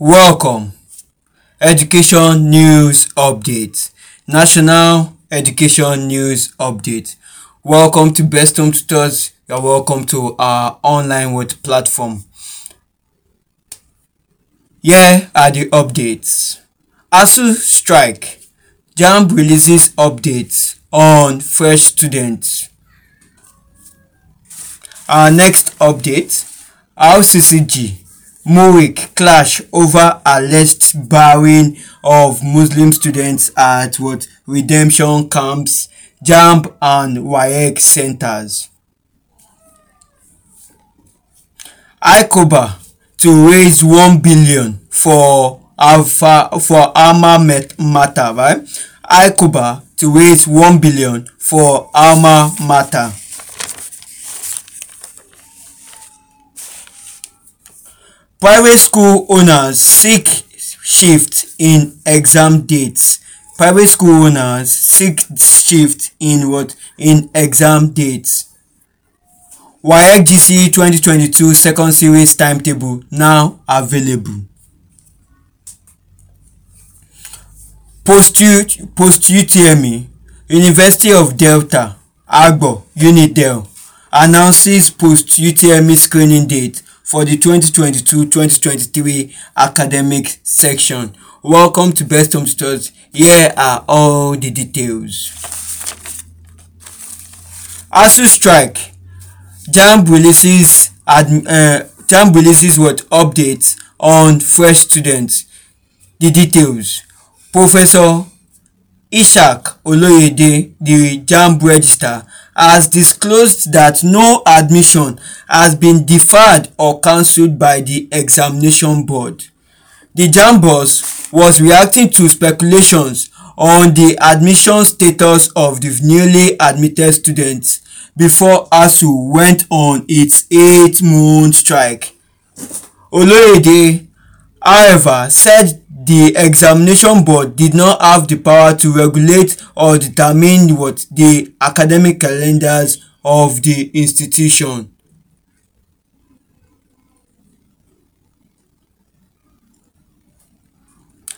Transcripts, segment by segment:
Welcome. Education News Update. National Education News Update. Welcome to Best Home Tutors. You're welcome to our online word platform. Here are the updates. ASU strike. JAMB releases updates on fresh students. Our next update, RCCG Murik clash over alleged barring of Muslim students at what redemption camps, JAMB and WAEC centers. ICOBA to raise 1 billion for Alpha for Alma Mater, right? ICOBA to raise 1 billion for Alma Mater. Private school owners seek shift in exam dates. Private school owners seek shift in what? In exam dates. YGC 2022 second series timetable now available. Post, post UTME, University of Delta, Agbo, Unidel announces post UTME screening date for the 2022-2023 academic section. Welcome to Best Home Tutors. Here are all the details. ASU strike. JAMB releases adm, uh, JAMB releases what updates on fresh students. The details. Professor Ishak Oloyede, the JAMB Register. has disclosed that no admission has been deferred or cancelled by the examination board. The Jambos was reacting to speculations on the admission status of the newly admitted students before ASU went on its eight-month strike. Oloyede, however, said the examination board did not have the power to regulate or determine what the academic calendars of the institution.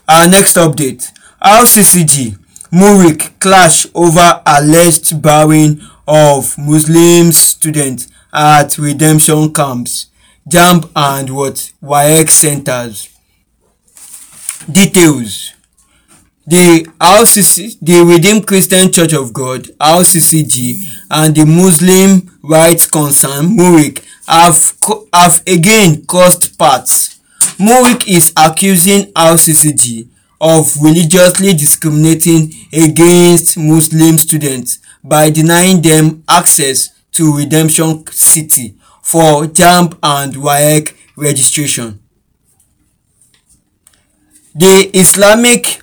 Our next update, RCCG, Murik clash over alleged barring of Muslim students at redemption camps, JAMB and what YX centers. Details The RCC, the Redeemed Christian Church of God, RCCG, and the Muslim rights concern, MURIC, have, have again caused parts. MURIC is accusing RCCG of religiously discriminating against Muslim students by denying them access to Redemption City for JAMB and WAEC registration. The Islamic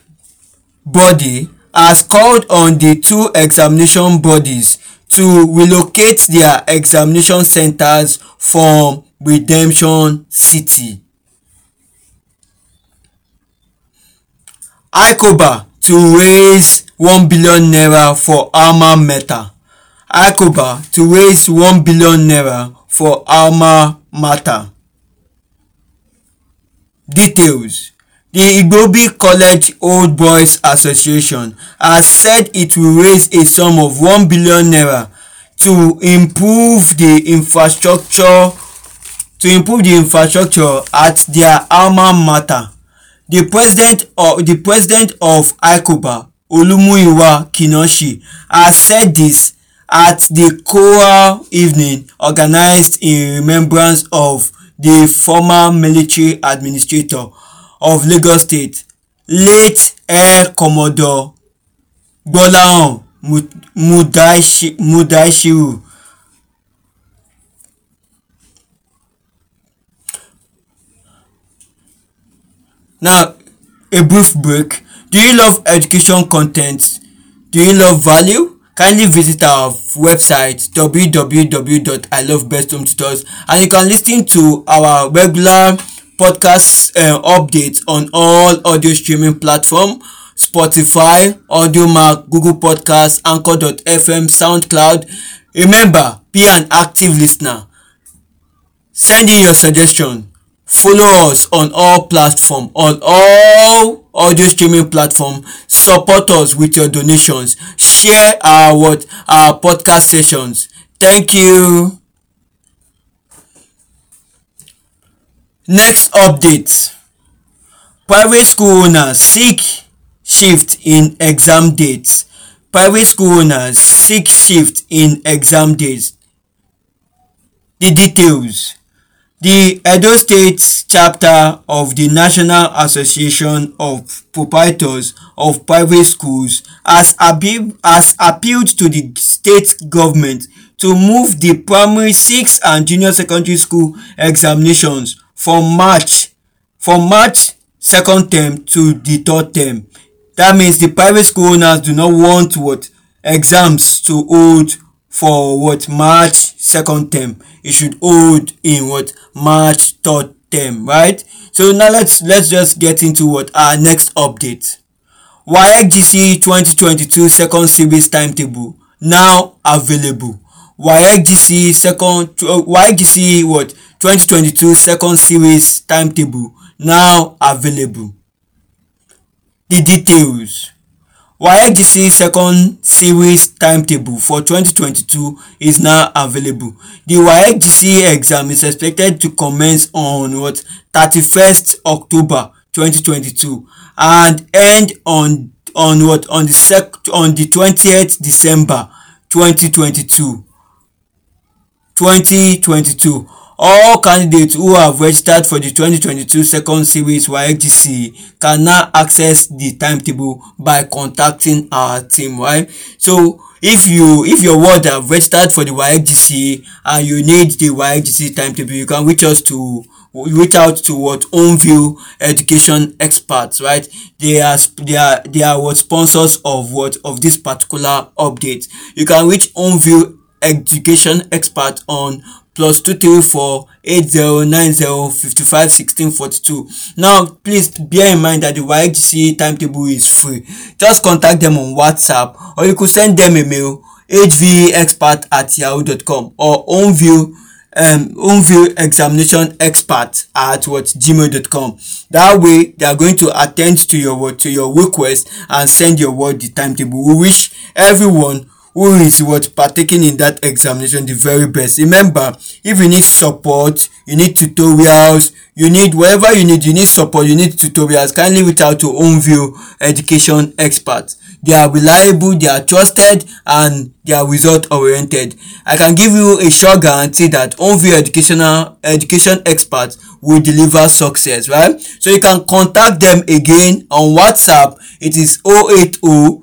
body has called on the two examination bodies to relocate their examination centres from Redemption City. ICOBA to raise one billion naira for Alma Mater. ICOBA to raise one billion naira for Alma Mater. Details The Igbobi College Old Boys Association has said it will raise a sum of 1 billion naira to improve the infrastructure to improve the infrastructure at their alma mater. The president of the president of ICOBA, Olumuyiwa Kinoshi, has said this at the choral evening organized in remembrance of the former military administrator of Lagos State, late Air Commodore Gbọ́láhàn Mudashiru Now, a brief break. Do you love education content? Do you love value? Kindly visit our website www.ilovebesthometours and you can listen to our regular podcast uh, updates on all audio streaming platforms Spotify, AudioMark, Google Podcasts, Anchor.fm, SoundCloud. Remember, be an active listener. Send in your suggestion. Follow us on all platforms, on all audio streaming platforms. Support us with your donations. Share our what our podcast sessions. Thank you. Next update. Private school owners seek shift in exam dates. Private school owners seek shift in exam dates. The details. The Edo State chapter of the National Association of Proprietors of Private Schools has, appe has appealed to the state government to move the primary 6 and junior secondary school examinations from March from March second term to the third term. That means the private school owners do not want what exams to hold for what March second term. It should hold in what March third term, right? So now let's let's just get into what our next update. YXGC 2022 second series timetable now available. YXGC second uh, YXGC what 2022 second series timetable now available. The details WAEC second series timetable for 2022 is now available. The WAEC exam is expected to commence on what 31st October 2022 and end on on what on the sec on the 20th December 2022 2022 All candidates who have registered for the 2022 second series YXDC can now access the timetable by contacting our team, right? So if you if your ward have registered for the YXDC and you need the YXDC timetable, you can reach us to reach out to what Onview education experts, right? They are they are they are what sponsors of what of this particular update. You can reach Onview education expert on plus two three four eight zero nine zero fifty five sixteen forty two now please bear in mind that the ygc timetable is free just contact them on whatsapp or you could send them a mail hvexpert at yahoo dot com or homeview um, homeview at what gmail dot com that way they are going to attend to your to your request and send your word the timetable we wish everyone who is what partaking in that examination the very best. Remember, if you need support, you need tutorials, you need whatever you need, you need support, you need tutorials, kindly reach out to OwnView education experts. They are reliable, they are trusted, and they are result oriented. I can give you a sure guarantee that OwnView educational education experts will deliver success, right? So you can contact them again on WhatsApp. It is 080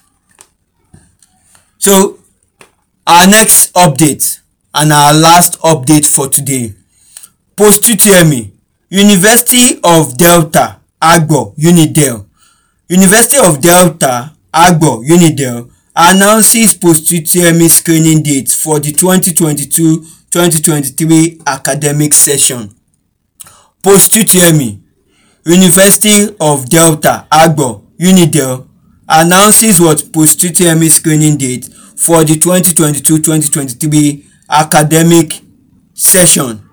So our next update and our last update for today. Post-UTME, University of Delta, Agbo, Unidel. University of Delta, Agbo, Unidel announces post-UTME screening dates for the 2022-2023 academic session. Post-UTME, University of Delta, Agbo, Unidel announces what post-UTME screening date for the 2022-2023 academic session.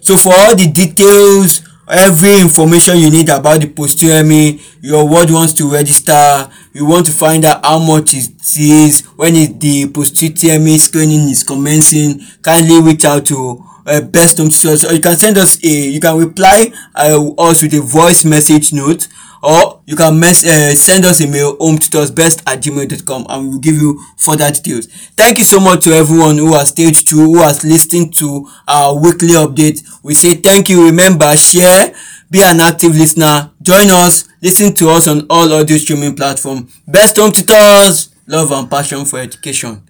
So for all the details, every information you need about the post-UTME, your ward wants to register, you want to find out how much it is, when the post-UTME screening is commencing, kindly reach out to uh, best home tutors or you can send us a you can reply uh, us with a voice message note or you can mess, uh, eh, send us email home tutors best at gmail.com and we'll give you further details thank you so much to everyone who has stayed through who has listened to our weekly update we say thank you remember share be an active listener join us listen to us on all audio streaming platforms best home tutors love and passion for education